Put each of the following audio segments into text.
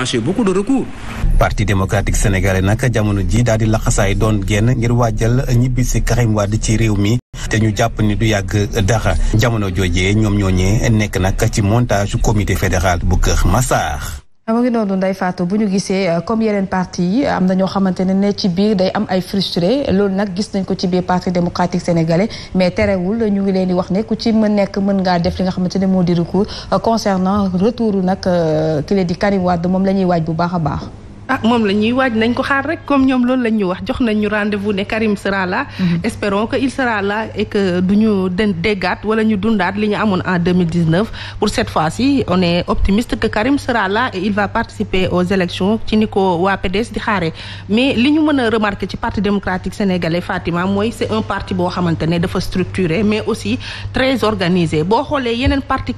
tranché beaucoup de recours. parti démocratique sénégalais nag jamono ji daal di laxasaay doon génn ngir waajal ñibbi si Karim Wade ci réew mi te ñu jàpp ni du yàgg dara jamono joojee ñoom ñooñee nekk nag ci montage comité fédéral bu Kër Massar. mu ngi noonu Ndeye Fatou bu ñu gisee euh, comme yeneen parti yi am na ñoo xamante ne ne ci biir day am ay frustré loolu nag gis nañ ko ci biir parti démocratique sénégalais mais terewul ñu ngi leen wax ne ku ci mën nekk mën ngaa def li nga xamante ne moo di recours euh, concernant retour nag euh, ki leen di Karim Wade moom la ñuy waaj bu baax a baax. ah moom la ñuy waaj nañ ko xaar rek comme ñoom loolu la ñuy wax jox nañ ñu rendez ne Karim sera mm-hmm. espérons que il sera et que du ñu wala ñu dundaat li ñu amoon en pour cette fois-ci on est optimiste que Karim sera il va participer aux élections ci ni ko waa PDS di xaaree mais li ñu mën a ci parti démocratique sénégalais Fatima mooy c'est un parti boo xamante dafa structuré mais aussi très organisé boo xoolee yeneen parti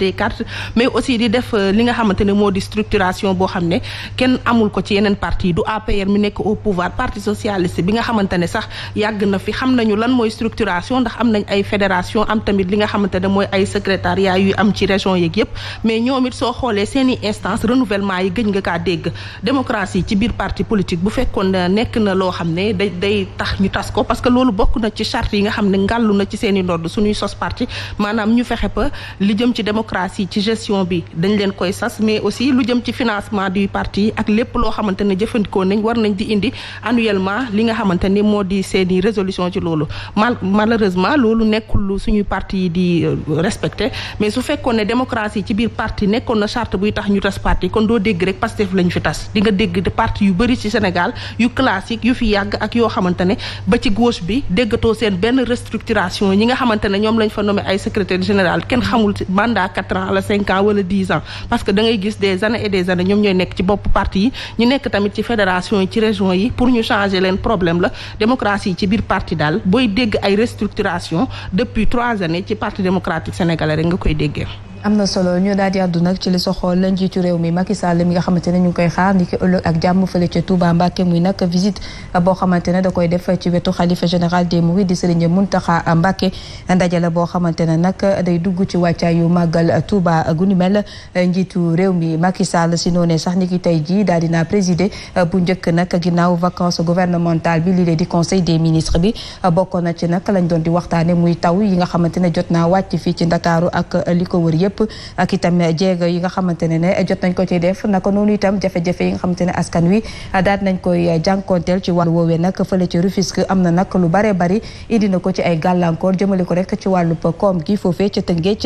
des cartes mais aussi di def euh, li nga xamante ne moo di structuration boo xam ne kenn amul ko ci yeneen parti du APR mi nekk au pouvoir parti socialiste bi nga xamante ne sax yàgg na fi xam nañu lan mooy structuration ndax am nañ ay fédération am li nga xamante ne mooy ay secrétariat yu am ci région yeeg yëpp mais ñoom it soo xoolee seeni instance renouvellement yi gëj nga kaa dégg démocratie ci biir parti politique bu fekkoon nekk na loo xam ne day day tax ñu tas ko parce que loolu bokk na ci charte yi nga xam ne ngàllu na ci seeni ndodd suñuy sos parti maanaam ñu fexe ba li jëm ci démocratie ci gestion bi dañ leen koy sas mais aussi lu jëm ci financement du parti ak lépp loo xamante ne jëfandikoo nañ war nañ di indi annuellement li nga xamante ni moo di seeni résolution ci loolu mal malheureusement loolu nekkul lu suñuy parti yi di euh, respecté mais su fekkoon ne démocratie ci biir parti nekkoon na charte buy tax ñu tas parti kon doo dégg rek Pastef lañ fi tas di nga dégg parti yu bëri ci Sénégal yu classique yu fi yàgg ak yoo xamante ne ba ci gauche bi déggatoo seen benn restructuration ñi nga xamante ne ñoom lañ fa nommé ay général kenn xamul mandat quatre ans wala cinq ans wala dix ans parce que dangay gis des années et des années ñoom ñooy nekk ci bopp parti yi ñu nekk tamit ci fédération yi ci région yi pour ñu changer leen problème la démocratie yi ci biir parti daal booy dégg ay restructuration depuis trois années ci parti démocratique sénégalais rek nga koy déggee am na solo ñu daal di nag ci li sa soxool la njiitu réew mi Macky Sall mi nga xamante ne ñu ngi koy xaar ni ki ak jàmm fële ca Touba Mbacké muy nag visite boo xamante ne da koy def ci wetu xalifa général des Mourides di Serigne Mountakha Mbacké ndaje la boo xamante ne nag day dugg ci wàccaayu màggal Touba gu ni mel njiitu réew mi Macky Sall si noonee sax ni tey jii daal dinaa présider bu njëkk nag ginnaaw vacances gouvernementales bi lii di conseil des ministres bi bokkoon na ci nag lañ doon di waxtaane muy taw yi nga xamante ne jot na wàcc fii ci Ndakaaru ak li ko wër yëpp yëpp ak itam jéego yi nga xamante ne ne jot nañ ko ci def naka noonu itam jafe-jafe yi nga xamante ne askan wi daal nañ koy jànkonteel ci wàllu woowee nag fële ci Rufisque am na nag lu bare bari indi ko ci ay gàllankoor jëmale ko rek ci wàllu koom gi foofee ca Tëngéej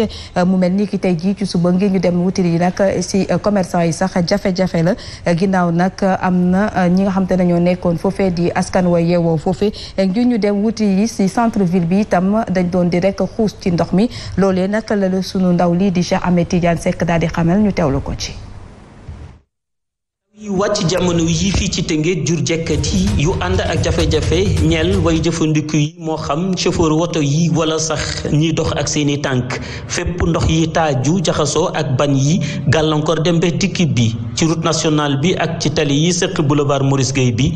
mu mel ni ki tey jii ci suba ngir ñu dem wuti yi nag si commerçant jafe-jafe la ginnaaw nag am na ñi nga xamante ne ñoo nekkoon foofee di askan wa yeewoo foofee ngir ñu dem wuti yi si centre ville bi itam dañ doon di rek xuus ci ndox mi loolee nag di Cheikh amee Tidiane Seck daal di xamal ñu teewlu ko ci. yu wàcc jamono yi fii ci Tëngéej jur jekkat yu ànd ak jafe-jafe ñeel way jëfandiku yi moo xam chauffeur woto yi wala sax ñiy dox ak seeni tànk fépp ndox yi taaju jaxasoo ak ban yi gàllankoor dem ba tikki bi ci route nationale bi ak ci tali yi sëq boulevard Maurice Guèye bi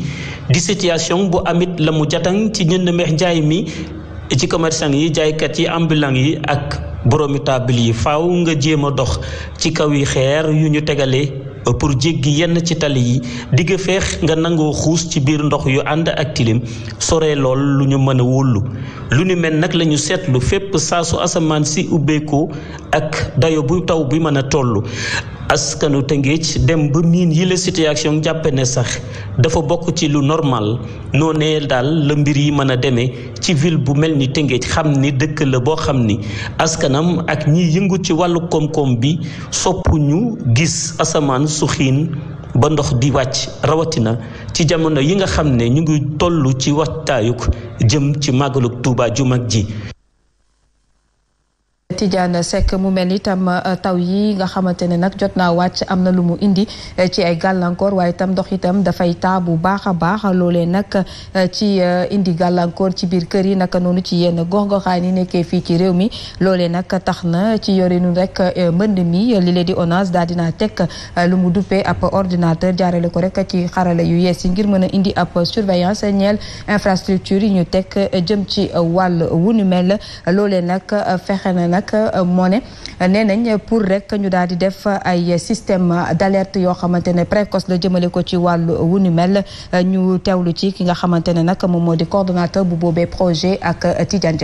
di situation bu amit lamu mu ci ñënd meex njaay mi ci commerçant yi jaaykat yi ambulant yi ak boromi taabal yi faw nga jéem a dox ci kaw yi xeer yu ñu tegale pour jéggi yenn ci tali yi digg feex nga nangoo xuus ci biir ndox yu ànd ak tilim sore lool lu ñu mën a wóolu lu ni mel nag lañu seetlu fépp saa su asamaan si ubbeekoo ak dayo bu taw bi mën a toll askanu Tëngéej dem ba miin yi la situation jàppe ne sax dafa bokk ci lu normal noo daal la mbir yi mën a demee ci ville bu mel ni Tëngéej xam ni dëkk la boo xam ni askanam ak ñiy yëngu ci wàllu koom-koom bi soppuñu gis asamaan su xiin ba ndox di wàcc rawatina ci jamono yi nga xam ne ñu ngi toll ci waxtaayuk jëm ci màggaluk Tuubaa ju mag ji Tidiane Seck mu mel ni tam euh, taw yi nga xamante ne nag jot naa wàcc am na lu mu indi euh, ci ay gàllankoor waaye itam ndox itam dafay taa bu baax a baax loolee nag euh, ci indi gàllankoor ci biir kër yi naka noonu ci yenn gox-goxaan yi nekkee fii ci réew mi loole nag tax na ci yorinu rek mbënd mi li lee di ONAS daal dinaa teg lu mu duppee ab ordinateur jaarale ko rek ci xarala yu yees yi ngir mën a indi ab surveillance ñeel infrastructure yi ñu teg jëm ci wàll wu nu mel loolee nag fexe na nag nag euh, moo ne nee nañ pour rek ñu daal di def ay système d'alerte yoo xamante ne précoce la jëmale ko ci wàllu wu ni mel ñu teewlu ci ki nga xamante ne nag moom moo di coordonnateur bu boobee projet ak Tidiane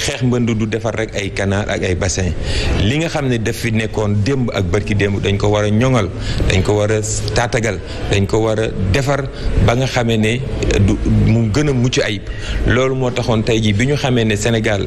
xeex mbënd du defar rek ay canal ak ay bassin li nga xam ne daf fi nekkoon démb ak barki démb dañ ko war a ñoŋal dañ ko war a taatagal dañ ko war a defar ba nga xamee ne euh, du mu gën a mucc ayib loolu moo taxoon tey jii bi ñu xamee ne Sénégal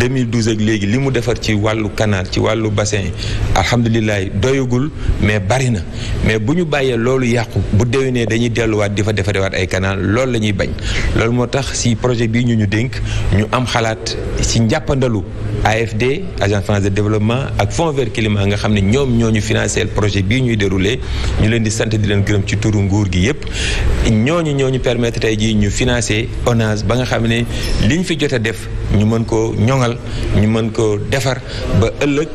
2012 ak léegi li mu defar ci wàllu kanaan ci wàllu bassin alhamdulilah doyagul mais bari na mais bu ñu bàyyee loolu yàqu bu déwénee dañuy delluwaat di fa defarewaat ay kanaan loolu la ñuy bañ loolu moo tax si projet bii ñu ñu dénk ñu am xalaat ci njàppandalu AFD agence française de développement ak Fonds vert nga xam ne ñoom ñooñu ñu projet bi ñuy déroulé ñu leen di sant di leen gërëm ci turu nguur gi yëpp ñooñu ñoo ñu permettre tey jii ñu financé ONAS ba nga xam ne li ñu fi jot a def ñu mën ko ñoŋal ñu mën ko defar ba ëllëg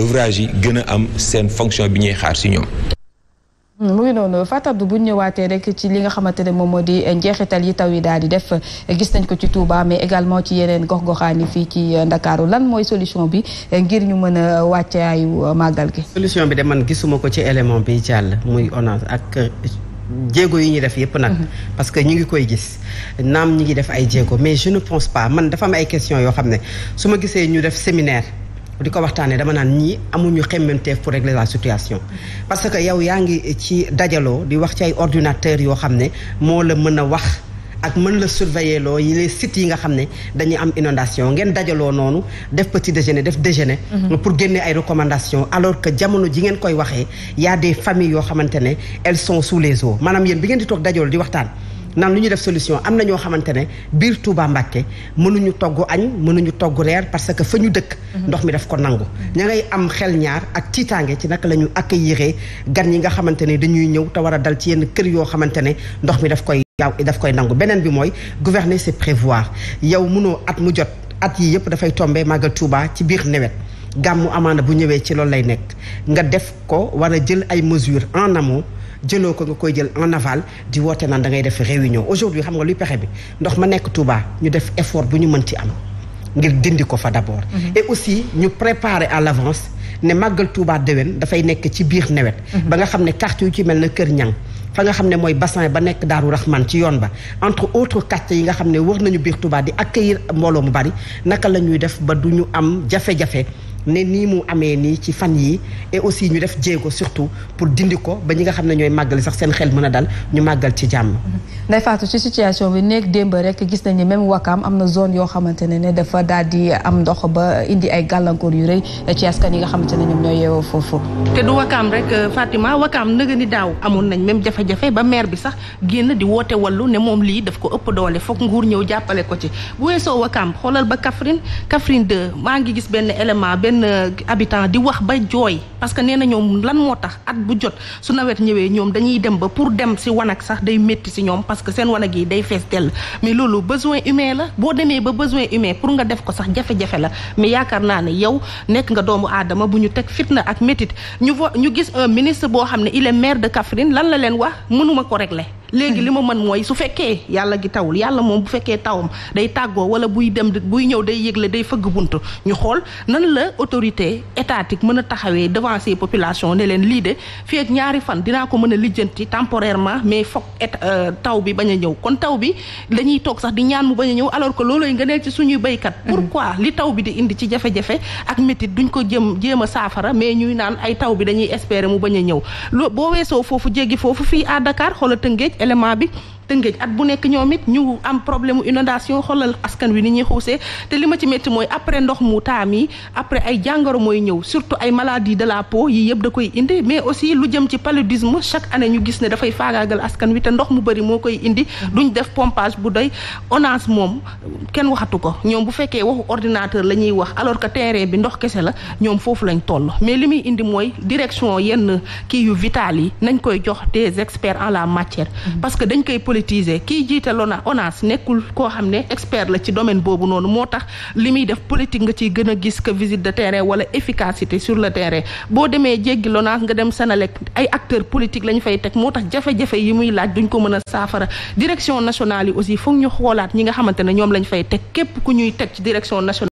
ouvrage yi gën a am seen fonction bi ñuy xaar si ñoom. Mm, mu ngi noonu Fatou bu ñu ñëwaatee rek ci li nga xamante ne moom moo di eh, njeexital yi taw yi daal di def eh, gis nañ ko ci Touba mais également ci yeneen gox-goxaan yi fii ci eh, Ndakaaru lan mooy solution bi ngir ñu mën a wàccaayu màggal gi. solution bi de man gisuma ko ci élément bi jàll muy ONAS ak jéego yi ñuy def yëpp nag. Mm-hmm. parce que ñu ngi koy gis naam ñi ngi def ay jéego mais je ne pense man dafa am ay question yoo xam ne su ma gisee ñu def séminaire. di ko waxtaanee dama naan ñii amuñu xemmanteef pour régler la situation parce que yow yaa ngi ci dajaloo di wax ci ay ordinateur yoo xam ne moo la mën a wax ak mën la surveiller loo yi les sites yi nga xam ne dañuy am inondation ngeen dajaloo noonu def petit déjeuner def déjeuner mhm. pour génne ay recommandations alors que jamono ji ngeen koy waxee yaa a des familles yoo xamante ne elles su sous les eaux maanaam yéen bi ngeen di toog dajaloo di waxtaan nan lu ñuy def solution am na ñoo xamante ne biir Touba Mbacké mënuñu togg añ mënuñu togg reer parce que fa ñu dëkk mhm. ndox mi daf ko nangu mhm. ña am xel ñaar ak tiitaange ci naka la ñu accueillir gan yi nga xamante ne dañuy ñëw te war a dal ci yenn kër yoo xamante ne ndox mi daf koy yaw daf koy nangu beneen bi mooy gouverner c'est prévoir yow mënoo at mu jot at yi yëpp dafay tombé Magal Touba ci biir nawet gàmmu amaana bu ñëwee ci loolu lay nekk nga def ko war a jël ay mesures en amont jëloo ko nga koy jël en naval di woote naan da ngay def réunion aujourd'hui xam nga luy pexe bi ndox ma nekk Touba ñu def effort bu ñu mën ci am ngir dindi ko fa d'abord mhm. et aussi ñu préparer à l'avance ne màggal Touba déwén dafay nekk ci biir nawet mhm. ba nga xam ne quartier yu ci mel na Kër ñan fa nga xam ne mooy bassin ba nekk Daaru Rahman ci yoon ba entre autres quartiers yi nga xam ne war nañu biir Touba di accueillir mbooloo mu bari naka la ñuy def ba du ñu am jafe ne nii mu amee nii ci fan yii et aussi ñu def jéego surtout pour dindi ko ba ñi nga xam ne ñooy màggali sax seen xel mën a dal ñu màggal ci jàmm. nday faatu ci situation bi néeg démb rek gis nañu même Wakaam am na zone yoo xamante ne ne dafa daal di am ndox ba indi ay gàllankoor yu rëy ci askan yi nga xamante ne ñoom ñooy yeewoo foofu. te du Wakaam rek euh, Fatima Wakaam nëgë ni daaw amoon nañ même jafe-jafe ba maire bi sax génn di woote wallu ne moom lii daf ko ëpp doole foog nguur ñëw jàppale ko ci bu weesoo Wakaam xoolal ba Kaffrine Kaffrine 2 maa ngi gis benn élément benn habitant di wax ba jooy parce que nee na ñoom lan moo tax at bu jot su nawet ñëwee ñoom dañuy dem ba pour dem si wanag sax day métti si ñoom parce que seen wanag yi day fees dell mais loolu besoin humain la boo demee ba besoin humain pour nga def ko sax jafe-jafe la mais yaakaar naa ne yow nekk nga doomu aadama bu ñu teg fitna ak métit ñu ñu gis ministre boo xam ne il est maire de Kaffrine lan la leen wax mënuma ko régler léegi li ma mën mooy su fekkee yàlla gi tawul yàlla moom bu fekkee tawam day tàggoo wala buy dem buy ñëw day yëgle day fëgg bunt ñu xool nan la autorité étatique mën a taxawee devant ces ne leen lii de fii ñaari fan dinaa ko mën a lijjanti temporairement mais foog euh, taw bi bañ a ñëw kon taw bi dañuy toog sax di ñaan mu bañ a ñëw alors que loolooy nga ci suñuy béykat mm-hmm. pourquoi li taw bi di indi ci jafe-jafe ak métit duñ ko jëm jéem a saafara mais ñuy naan ay taw bi dañuy espérer mu bañ a ñëw boo weesoo foofu jéggi foofu fii à Dakar xoola Tëngéej élément bi tëngéej at bu nekk ñoom it ñu am problème mu inondation xoolal askan wi ni ñuy xuusee te li ma ci métti mooy après ndox mu taam yi après ay jàngoro mooy ñëw surtout ay maladie de la peau yi yëpp da koy indi mais aussi lu jëm ci paludisme chaque année ñu gis ne dafay faagaagal askan wi te ndox mu bëri moo koy indi duñ def pompage bu doy ONAS moom kenn waxatu ko ñoom bu fekkee waxu ordinateur la ñuy wax alors que terrain bi ndox kese la ñoom foofu lañ toll mais li muy indi mooy direction yenn kii yu vital yi nañ koy jox des en la matière mm-hmm. politiser kiy jiite lona nekkul koo xam ne expert la ci domaine boobu noonu moo tax li muy def politique nga ciy gën a gis que visite de terrain wala efficacité sur le terrain boo demee jéggi LONAS nga dem Senelec ay acteurs politiques lañ fay teg moo tax jafe-jafe yi muy laaj duñ ko mën a saafara direction nationale yi aussi foog ñu xoolaat ñi nga xamante ne ñoom lañ fay teg képp ku ñuy teg ci direction nationale